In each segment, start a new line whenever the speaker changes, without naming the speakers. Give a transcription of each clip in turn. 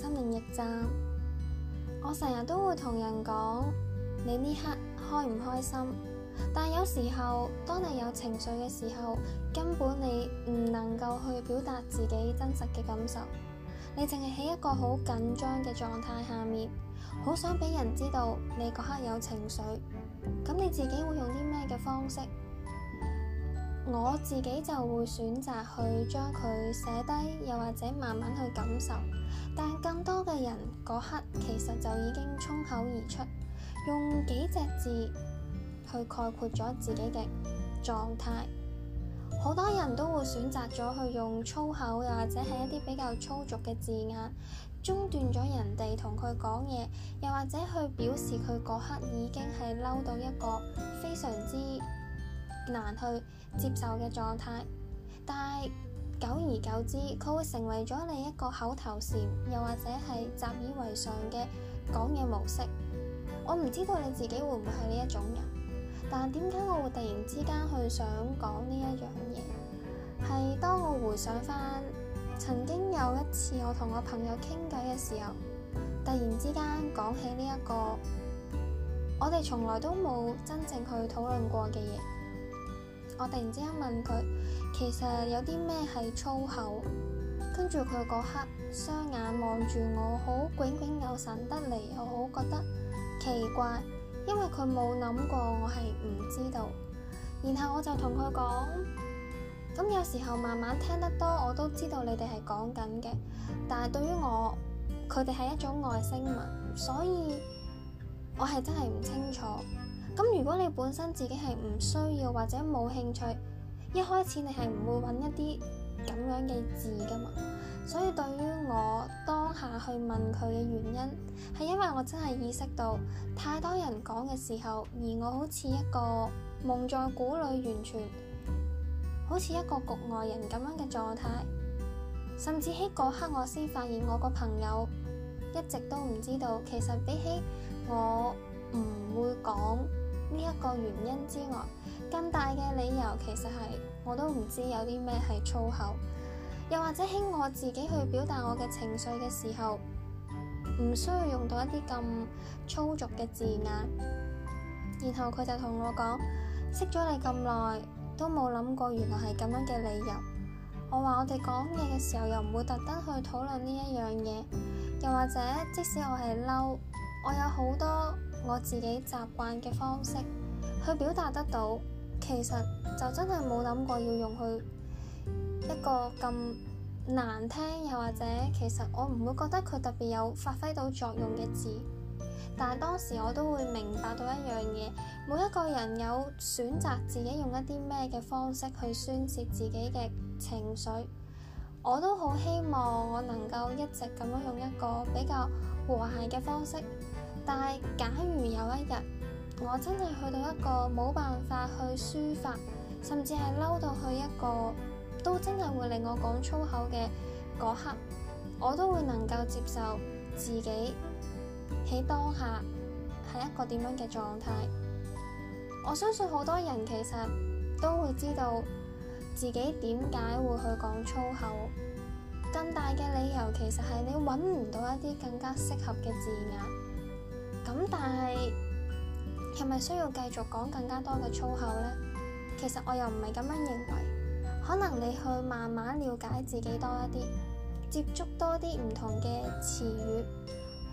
心靈驛站，我成日都會同人講你呢刻開唔開心，但有時候當你有情緒嘅時候，根本你唔能夠去表達自己真實嘅感受，你淨係喺一個好緊張嘅狀態下面，好想俾人知道你嗰刻有情緒，咁你自己會用啲咩嘅方式？我自己就會選擇去將佢寫低，又或者慢慢去感受。但更多嘅人嗰刻其實就已經衝口而出，用幾隻字去概括咗自己嘅狀態。好多人都會選擇咗去用粗口，又或者係一啲比較粗俗嘅字眼，中斷咗人哋同佢講嘢，又或者去表示佢嗰刻已經係嬲到一個非常之難去接受嘅狀態，但係久而久之，佢會成為咗你一個口頭禪，又或者係習以為常嘅講嘢模式。我唔知道你自己會唔會係呢一種人，但係點解我會突然之間去想講呢一樣嘢？係當我回想翻，曾經有一次我同我朋友傾偈嘅時候，突然之間講起呢一個我哋從來都冇真正去討論過嘅嘢。我突然之間問佢，其實有啲咩係粗口？跟住佢嗰刻雙眼望住我，好炯炯有神得嚟，又好覺得奇怪，因為佢冇諗過我係唔知道。然後我就同佢講，咁有時候慢慢聽得多，我都知道你哋係講緊嘅，但係對於我，佢哋係一種外星文，所以我係真係唔清楚。咁如果你本身自己係唔需要或者冇興趣，一開始你係唔會揾一啲咁樣嘅字噶嘛。所以對於我當下去問佢嘅原因，係因為我真係意識到太多人講嘅時候，而我好似一個蒙在鼓裏，完全好似一個局外人咁樣嘅狀態。甚至喺嗰刻我先發現我個朋友一直都唔知道，其實比起我唔會講。呢一個原因之外，更大嘅理由其實係我都唔知有啲咩係粗口，又或者喺我自己去表達我嘅情緒嘅時候，唔需要用到一啲咁粗俗嘅字眼。然後佢就同我講：識咗你咁耐，都冇諗過原來係咁樣嘅理由。我話我哋講嘢嘅時候又唔會特登去討論呢一樣嘢，又或者即使我係嬲，我有好多。我自己習慣嘅方式去表達得到，其實就真係冇諗過要用佢一個咁難聽，又或者其實我唔會覺得佢特別有發揮到作用嘅字。但當時我都會明白到一樣嘢，每一個人有選擇自己用一啲咩嘅方式去宣洩自己嘅情緒，我都好希望我能夠一直咁樣用一個比較和諧嘅方式。但係，假如有一日我真係去到一個冇辦法去抒發，甚至係嬲到去一個都真係會令我講粗口嘅嗰刻，我都會能夠接受自己喺當下係一個點樣嘅狀態。我相信好多人其實都會知道自己點解會去講粗口，更大嘅理由其實係你揾唔到一啲更加適合嘅字眼。咁、嗯、但係係咪需要繼續講更加多嘅粗口呢？其實我又唔係咁樣認為。可能你去慢慢了解自己多一啲，接觸多啲唔同嘅詞語，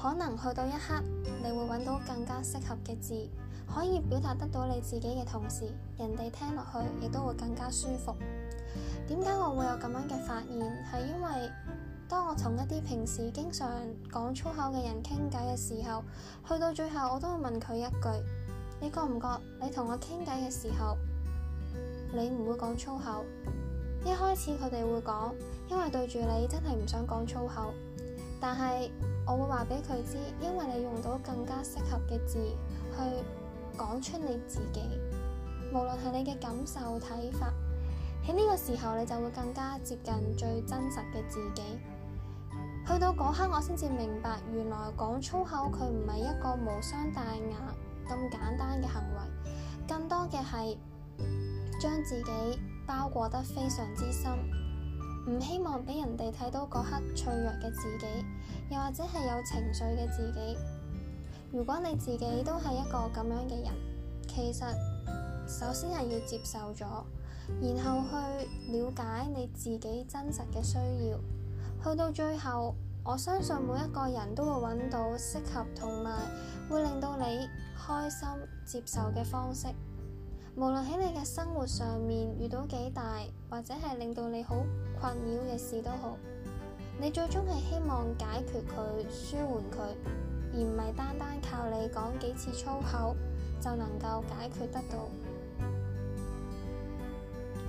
可能去到一刻，你會揾到更加適合嘅字，可以表達得到你自己嘅同時，人哋聽落去亦都會更加舒服。點解我會有咁樣嘅發現？係因為當我同一啲平時經常講粗口嘅人傾偈嘅時候，去到最後我都會問佢一句：你覺唔覺你同我傾偈嘅時候，你唔會講粗口？一開始佢哋會講，因為對住你真係唔想講粗口。但係我會話畀佢知，因為你用到更加適合嘅字去講出你自己，無論係你嘅感受、睇法。喺呢個時候，你就會更加接近最真實嘅自己。去到嗰刻，我先至明白，原來講粗口佢唔係一個無傷大雅咁簡單嘅行為，更多嘅係將自己包裹得非常之深，唔希望俾人哋睇到嗰刻脆弱嘅自己，又或者係有情緒嘅自己。如果你自己都係一個咁樣嘅人，其實首先係要接受咗。然後去了解你自己真實嘅需要，去到最後，我相信每一個人都會揾到適合同埋會令到你開心接受嘅方式。無論喺你嘅生活上面遇到幾大，或者係令到你好困擾嘅事都好，你最終係希望解決佢、舒緩佢，而唔係單單靠你講幾次粗口就能夠解決得到。